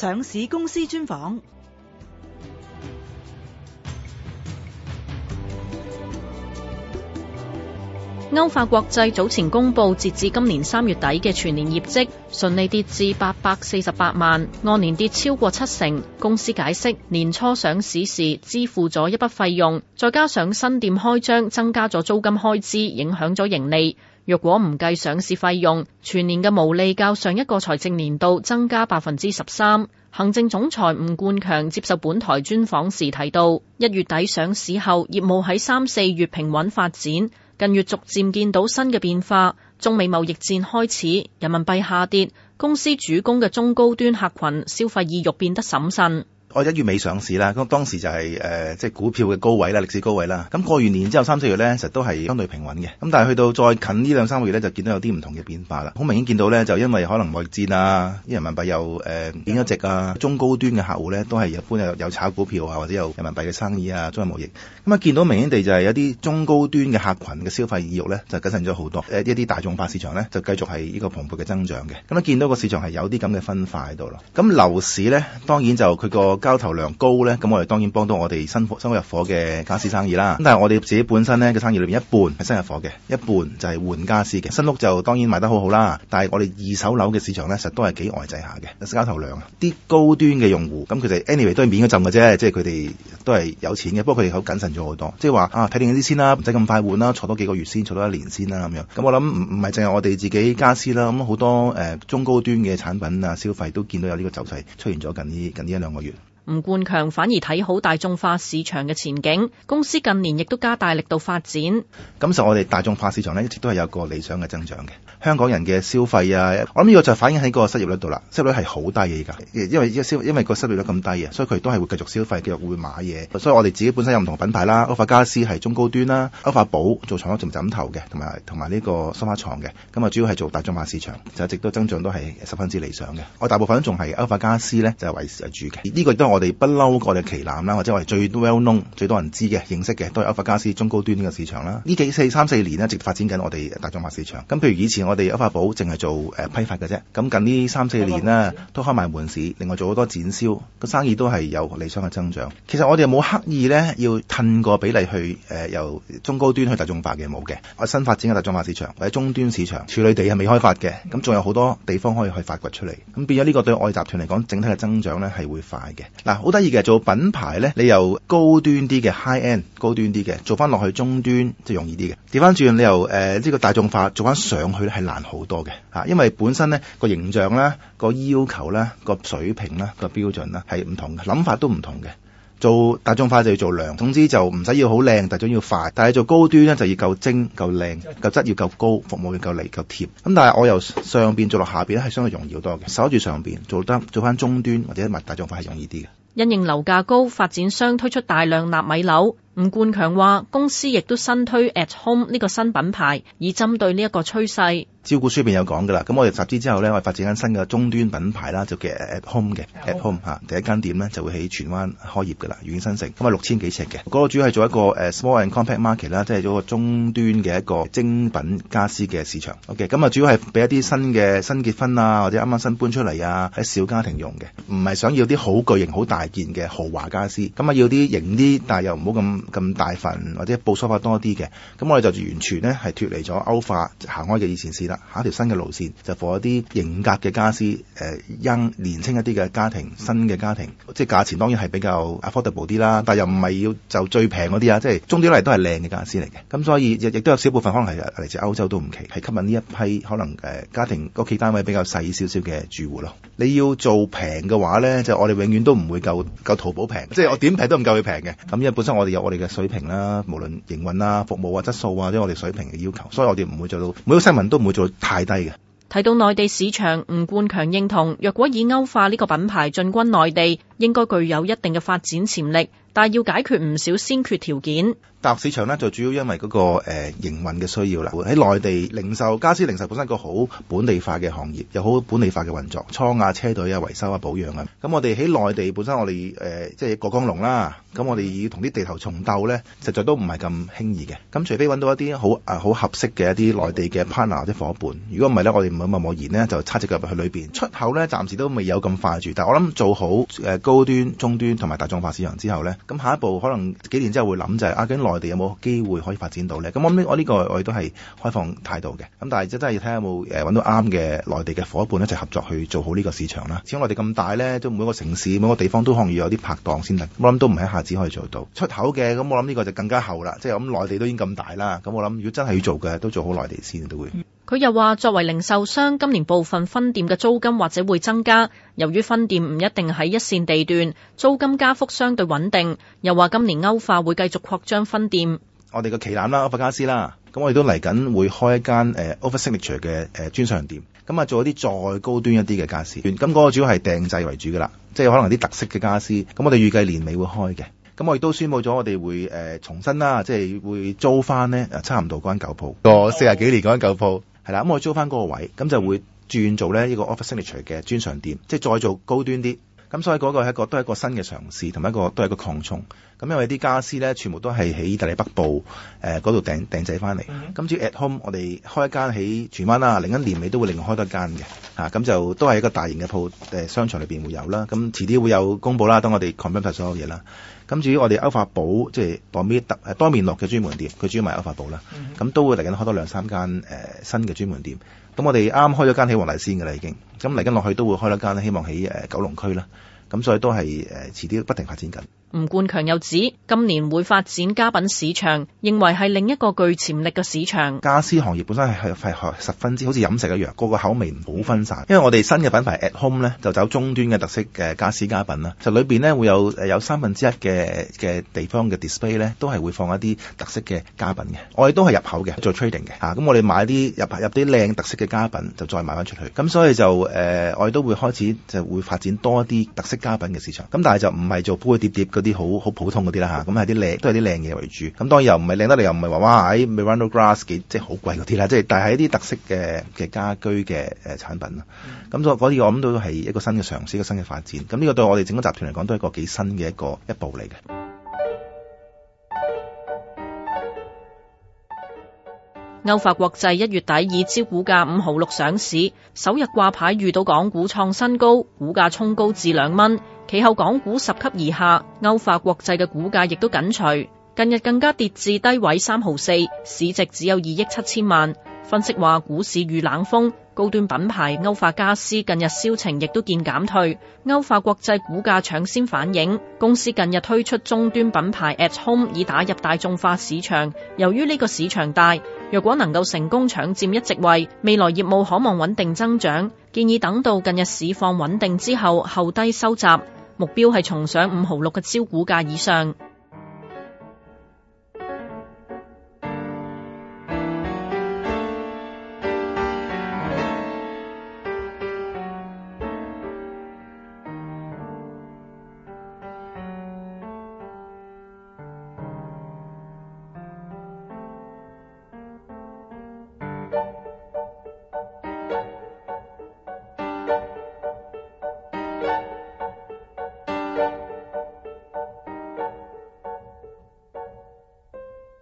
上市公司專訪。歐化國際早前公布截至今年三月底嘅全年業績，純利跌至八百四十八萬，按年跌超過七成。公司解釋，年初上市時支付咗一筆費用，再加上新店開張增加咗租金開支，影響咗盈利。若果唔計上市費用，全年嘅毛利較上一個財政年度增加百分之十三。行政總裁吳冠強接受本台專訪時提到，一月底上市後，業務喺三四月平穩發展，近月逐漸見到新嘅變化。中美貿易戰開始，人民幣下跌，公司主攻嘅中高端客群消費意欲變得審慎。我一月尾上市啦，咁當時就係、是、誒、呃、即係股票嘅高位啦，歷史高位啦。咁過完年之後三四月呢，其實都係相對平穩嘅。咁但係去到再近呢兩三個月呢，就見到有啲唔同嘅變化啦。好明顯見到呢，就因為可能貿易戰啊，啲人民幣又誒貶咗值啊，中高端嘅客戶呢，都係一般有有炒股票啊，或者有人民幣嘅生意啊，中美貿易。咁啊見到明顯地就係有啲中高端嘅客群嘅消費意欲呢，就謹慎咗好多。呃、一啲大眾化市場呢，就繼續係呢個蓬勃嘅增長嘅。咁啊見到個市場係有啲咁嘅分化喺度咯。咁樓市呢，當然就佢個。交投量高呢，咁我哋當然幫到我哋新、新屋新入伙嘅家私生意啦。咁但係我哋自己本身呢，嘅生意裏邊一半係新入伙嘅，一半就係換家私嘅。新屋就當然賣得好好啦，但係我哋二手樓嘅市場呢，實都係幾呆滯下嘅。交投量，啲高端嘅用戶，咁佢哋 anyway 都係免一陣嘅啫，即係佢哋都係有錢嘅，不過佢哋好謹慎咗好多。即係話啊，睇定啲先啦，唔使咁快換啦，坐多幾個月先，坐多一年先啦咁樣。咁我諗唔唔係淨係我哋自己家私啦，咁好多誒、呃、中高端嘅產品啊，消費都見到有呢個走勢出現咗近呢近呢一兩個月。吳冠強反而睇好大眾化市場嘅前景，公司近年亦都加大力度發展。感受我哋大眾化市場咧，一直都係有個理想嘅增長嘅。香港人嘅消費啊，我諗呢個就反映喺個失業率度啦。失業率係好低嘅而家，因為因消因為個失業率咁低啊，所以佢都係會繼續消費，繼續會買嘢。所以我哋自己本身有唔同品牌啦，歐化家私係中高端啦，歐化寶做床、做枕頭嘅，同埋同埋呢個梳化床嘅。咁啊，主要係做大眾化市場，就一直都增長都係十分之理想嘅。我大部分仲係歐化家私呢，就維持係主嘅。呢個都係我。我哋不嬲過嘅旗艦啦，或者我哋最 well known 最多人知嘅、認識嘅，都係歐化家私中高端呢個市場啦。呢幾四三四年咧，一直發展緊我哋大眾化市場。咁譬如以前我哋歐化寶淨係做誒批發嘅啫，咁近呢三四年咧都開埋門市，另外做好多展銷，個生意都係有理想嘅增長。其實我哋冇刻意呢要褪個比例去誒、呃、由中高端去大眾化嘅，冇嘅。我哋新發展嘅大眾化市場或者中端市場，處女地係未開發嘅，咁仲有好多地方可以去發掘出嚟。咁變咗呢個對外集團嚟講，整體嘅增長呢係會快嘅。好得意嘅做品牌呢，你由高端啲嘅 high end，高端啲嘅做翻落去中端，就容易啲嘅。調翻轉你由誒呢、呃呢個大眾化做翻上去咧，係難好多嘅嚇，因為本身呢個形象啦、個要求啦、個水平啦、個標準啦係唔同嘅，諗法都唔同嘅。做大眾化就要做量，總之就唔使要好靚，大眾要快。但係做高端呢，就要夠精、夠靚、夠質，要夠高，服務要夠嚟、夠貼。咁、嗯、但係我由上邊做落下邊咧，係相對容易好多嘅，守住上邊做得做翻中端或者物大眾化係容易啲嘅。因應樓價高，發展商推出大量納米樓。吳冠強話：公司亦都新推 At Home 呢個新品牌，以針對呢一個趨勢。招股書入邊有講嘅啦，咁我哋集資之後咧，我哋發展間新嘅中端品牌啦，就叫 at home 嘅 at home 嚇、啊，第一間店咧就會喺荃灣開業嘅啦，遠新城，咁啊六千幾尺嘅，嗰度主要係做一個誒 small and compact market 啦，即係做個中端嘅一個精品家私嘅市場。OK，咁啊主要係俾一啲新嘅新結婚啊，或者啱啱新搬出嚟啊，喺小家庭用嘅，唔係想要啲好巨型好大件嘅豪華家私，咁啊要啲型啲，但係又唔好咁咁大份或者布梳化多啲嘅，咁我哋就完全咧係脱離咗歐化行開嘅以前市。下一條新嘅路線，就放一啲型格嘅傢俬。誒、呃，因年輕一啲嘅家庭，新嘅家庭，即係價錢當然係比較 affordable 啲啦，但係又唔係要就最平嗰啲啊，即係中端嚟都係靚嘅傢俬嚟嘅。咁所以亦亦都有少部分可能係嚟自歐洲都唔奇，係吸引呢一批可能誒家庭屋企單位比較細少少嘅住戶咯。你要做平嘅話咧，就我哋永遠都唔會夠夠淘寶平，即係我點平都唔夠佢平嘅。咁因為本身我哋有我哋嘅水平啦，無論營運啊、服務啊、質素啊，即係我哋水平嘅要求，所以我哋唔會做到每一個新聞都唔會太低嘅。提到內地市場，吳冠強認同，若果以歐化呢個品牌進軍內地。應該具有一定嘅發展潛力，但係要解決唔少先決條件。大陸市場呢就主要因為嗰個誒營運嘅需要啦。喺內地零售，家私零售本身係一個好本地化嘅行業，又好本地化嘅運作，倉啊、車隊啊、維修啊、保養啊。咁我哋喺內地本身，我哋誒即係過江龍啦。咁我哋要同啲地頭蟲鬥咧，實在都唔係咁輕易嘅。咁除非揾到一啲好啊，好合適嘅一啲內地嘅 partner 或者夥伴。如果唔係咧，我哋唔冇默默然呢就叉隻腳入去裏邊。出口咧，暫時都未有咁快住，但係我諗做好誒。高端、中端同埋大眾化市場之後呢，咁下一步可能幾年之後會諗就係啊，究竟內地有冇機會可以發展到呢？咁我呢、呢個、我個我亦都係開放態度嘅，咁但係真係都睇下有冇誒搵到啱嘅內地嘅伙伴一齊合作去做好呢個市場啦。始終內地咁大呢，都每個城市每個地方都可能要有啲拍檔先得。我諗都唔係一下子可以做到出口嘅。咁我諗呢個就更加後啦，即係咁內地都已經咁大啦。咁我諗如果真係要做嘅，都做好內地先都會。佢又話：作為零售商，今年部分分店嘅租金或者會增加。由於分店唔一定喺一線地段，租金加幅相對穩定。又話今年歐化會繼續擴張分店。我哋嘅旗艦啦，歐化家私啦，咁我哋都嚟緊會開一間誒歐化 Signature 嘅誒專上店，咁啊做一啲再高端一啲嘅家私。咁、那、嗰個主要係訂製為主噶啦，即係可能啲特色嘅家私。咁我哋預計年尾會開嘅。咁我亦都宣布咗，我哋會誒重新啦，即係會租翻呢差唔多嗰間舊鋪，個四十幾年嗰間舊鋪。係啦，咁、嗯、我租翻嗰個位，咁就會轉做咧呢個 office luxury 嘅專上店，即係再做高端啲。咁所以嗰個係一個都係一個新嘅嘗試，同埋一個都係一個擴充。咁因為啲家私咧，全部都係喺意大利北部誒嗰度訂訂製翻嚟。咁至於 At Home，我哋開一間喺荃灣啦，另一年尾都會另外開多一間嘅。嚇、啊，咁就都係一個大型嘅鋪誒商場裏邊會有啦。咁、啊、遲啲會有公佈啦，等我哋 combine 曬所有嘢啦。咁、啊、至於我哋歐化寶，即係多面特誒多面落嘅專門店，佢主要賣歐化寶啦。咁、mm hmm. 啊、都會嚟緊開多兩三間誒、呃、新嘅專門店。咁我哋啱開咗間喺黃大仙噶啦，已經，咁嚟緊落去都會開一間，一間希望喺誒九龍區啦。咁所以都係誒遲啲不停發展緊。吳冠強又指，今年會發展家品市場，認為係另一個具潛力嘅市場。家私行業本身係係係十分之好似飲食一樣，個個口味唔好分散。因為我哋新嘅品牌 At Home 咧，就走中端嘅特色嘅家私家品啦。就裏邊咧會有誒有三分之一嘅嘅地方嘅 display 咧，都係會放一啲特色嘅家品嘅。我哋都係入口嘅，做 trading 嘅吓。咁、啊、我哋買啲入入啲靚特色嘅家品，就再賣翻出去。咁所以就誒、呃，我哋都會開始就會發展多一啲特色家品嘅市場。咁但係就唔係做堆疊碟。啲好好普通嗰啲啦嚇，咁係啲靚，都有啲靚嘢為主。咁當然又唔係靚得嚟，又唔係話哇喺 Miranda Glass 幾即係好貴嗰啲啦。即係但係一啲特色嘅嘅家居嘅誒產品咯。咁所以啲我諗到都係一個新嘅嘗試，一個新嘅發展。咁呢個對我哋整個集團嚟講，都係一個幾新嘅一個一步嚟嘅。歐化國際一月底以招股價五毫六上市，首日掛牌遇到港股創新高，股價沖高至兩蚊。其後港股拾級而下，歐化國際嘅股價亦都緊隨，近日更加跌至低位三毫四，市值只有二億七千萬。分析話股市遇冷風，高端品牌歐化家私近日銷情亦都見減退。歐化國際股價搶先反映，公司近日推出中端品牌 At Home，以打入大眾化市場。由於呢個市場大，若果能夠成功搶佔一席位，未來業務可望穩定增長。建議等到近日市況穩定之後，候低收集。目標係重上五毫六嘅招股價以上。